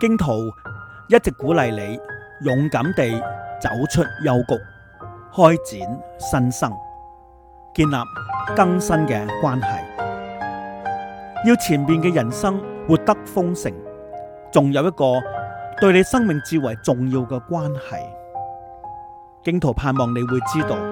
荊徒一直鼓勵你勇敢地走出幽谷，開展新生，建立更新嘅關係。要前面嘅人生活得豐盛，仲有一個對你生命至為重要嘅關係。荊徒盼望你會知道。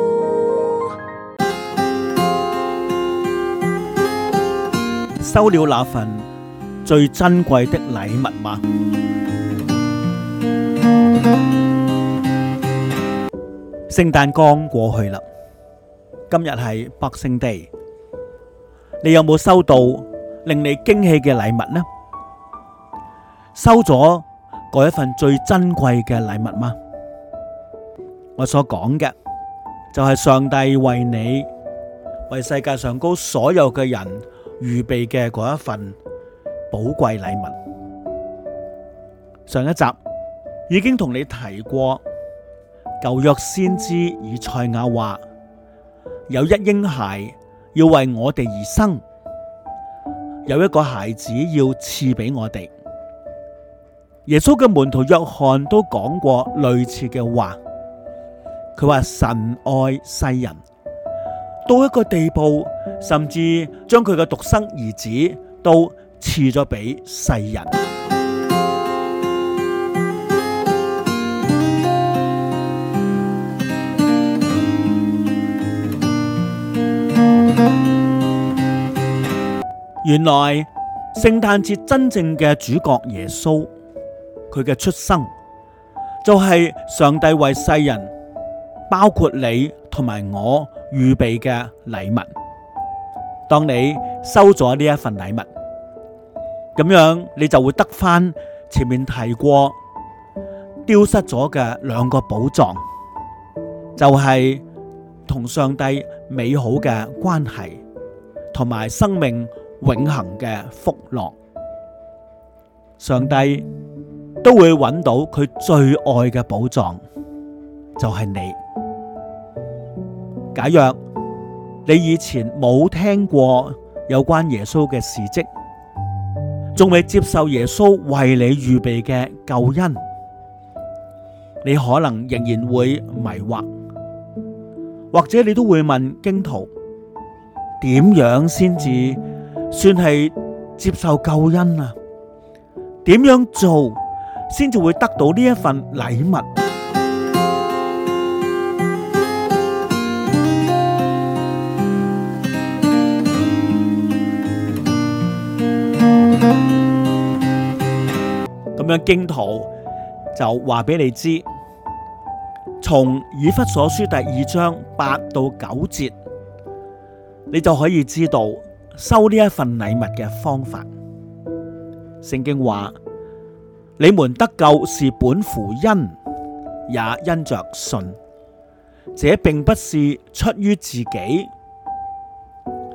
收了那份最珍貴的禮物嗎？聖誕剛過去啦，今日係 Boxing Day，你有冇收到令你驚喜嘅禮物呢？收咗嗰一份最珍貴嘅禮物嗎？我所講嘅就係上帝為你，為世界上高所有嘅人。預備嘅嗰一份寶貴禮物。上一集已經同你提過，舊約先知以賽亞話有一嬰孩要為我哋而生，有一個孩子要賜俾我哋。耶穌嘅門徒約翰都講過類似嘅話，佢話神愛世人。到一個地步，甚至將佢嘅獨生兒子都賜咗俾世人。原來聖誕節真正嘅主角耶穌，佢嘅出生就係上帝為世人，包括你同埋我，預備嘅禮物，當你收咗呢一份禮物，咁樣你就會得翻前面提過丟失咗嘅兩個寶藏，就係同上帝美好嘅關係，同埋生命永恆嘅福樂。上帝都會揾到佢最愛嘅寶藏，就係你。假若你以前冇聽過有關耶穌嘅事跡，仲未接受耶穌為你預備嘅救恩，你可能仍然會迷惑，或者你都會問荊徒：「點樣先至算係接受救恩啊？點樣做先至會得到呢一份禮物？」嘅荊徒就話俾你知，從以弗所書第二章八到九節，你就可以知道收呢一份禮物嘅方法。聖經話：你們得救是本乎恩，也因着信。這並不是出於自己，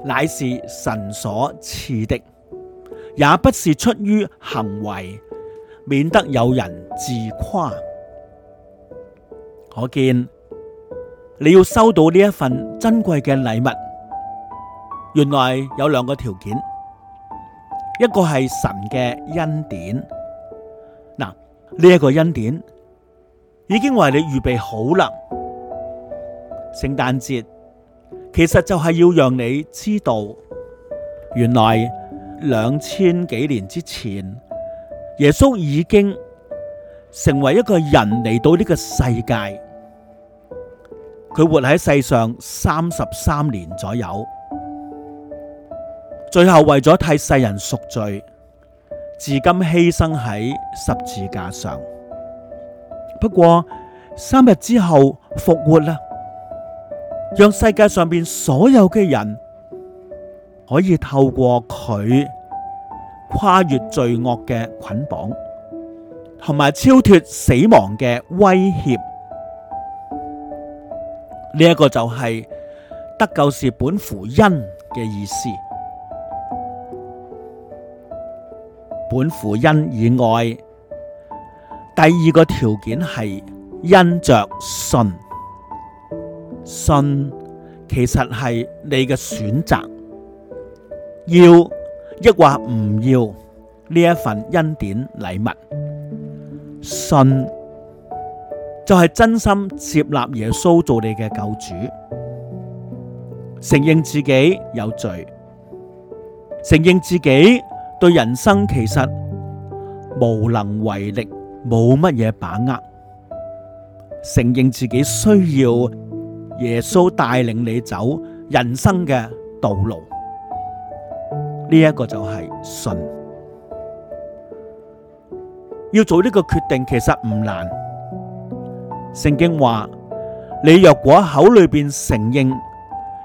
乃是神所賜的，也不是出於行為。免得有人自誇，可見你要收到呢一份珍貴嘅禮物，原來有兩個條件，一個係神嘅恩典，嗱呢一個恩典已經為你預備好啦。聖誕節其實就係要讓你知道，原來兩千幾年之前，耶穌已經成為一個人嚟到呢個世界，佢活喺世上三十三年左右，最後為咗替世人贖罪，至今犧牲喺十字架上。不過三日之後復活啦，讓世界上邊所有嘅人可以透過佢。跨越罪惡嘅捆綁，同埋超脱死亡嘅威脅，呢、這、一個就係得救是本乎恩」嘅意思。本乎恩以外，第二個條件係因着信。信其實係你嘅選擇，要。抑或唔要呢一份恩典禮物，信就係真心接納耶穌做你嘅救主，承認自己有罪，承認自己對人生其實無能為力，冇乜嘢把握，承認自己需要耶穌帶領你走人生嘅道路。呢一個就係信，要做呢個決定其實唔難。聖經話：你若果口裏邊承認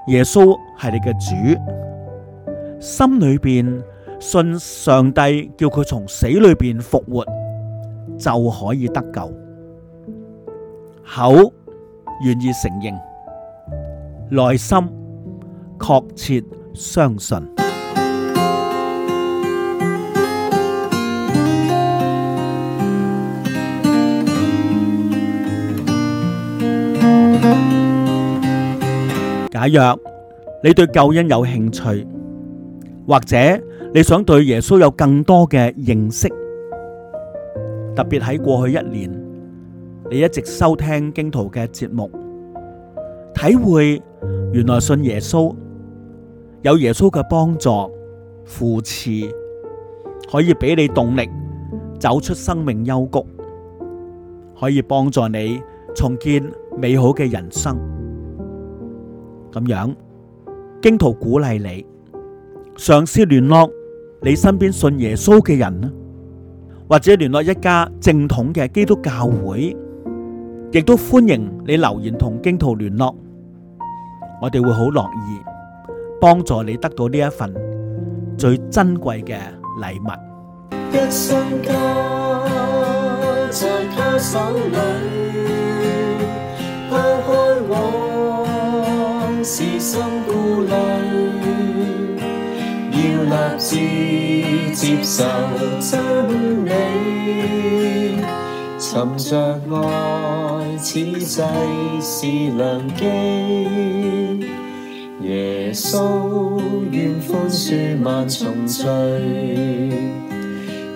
耶穌係你嘅主，心裏邊信上帝叫佢從死裏邊復活，就可以得救。口願意承認，內心確切相信。假如你對救恩有興趣，或者你想對耶穌有更多嘅認識，特別喺過去一年，你一直收聽荊徒嘅節目，體會原來信耶穌有耶穌嘅幫助扶持，可以俾你動力走出生命幽谷，可以幫助你重建美好嘅人生。咁樣，荊徒鼓勵你，嘗試聯絡你身邊信耶穌嘅人啦，或者聯絡一家正統嘅基督教會，亦都歡迎你留言同荊徒聯絡，我哋會好樂意幫助你得到呢一份最珍貴嘅禮物。是心顧慮，要立志接受真理，尋着愛。此際是良機，耶穌願寬恕萬重罪，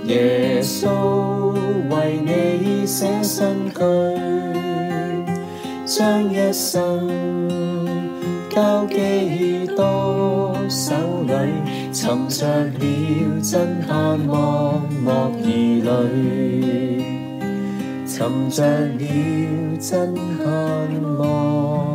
耶穌為你捨身軀，將一生。交幾多手裏，沉着了真盼望，莫疑慮，沉着了真盼望。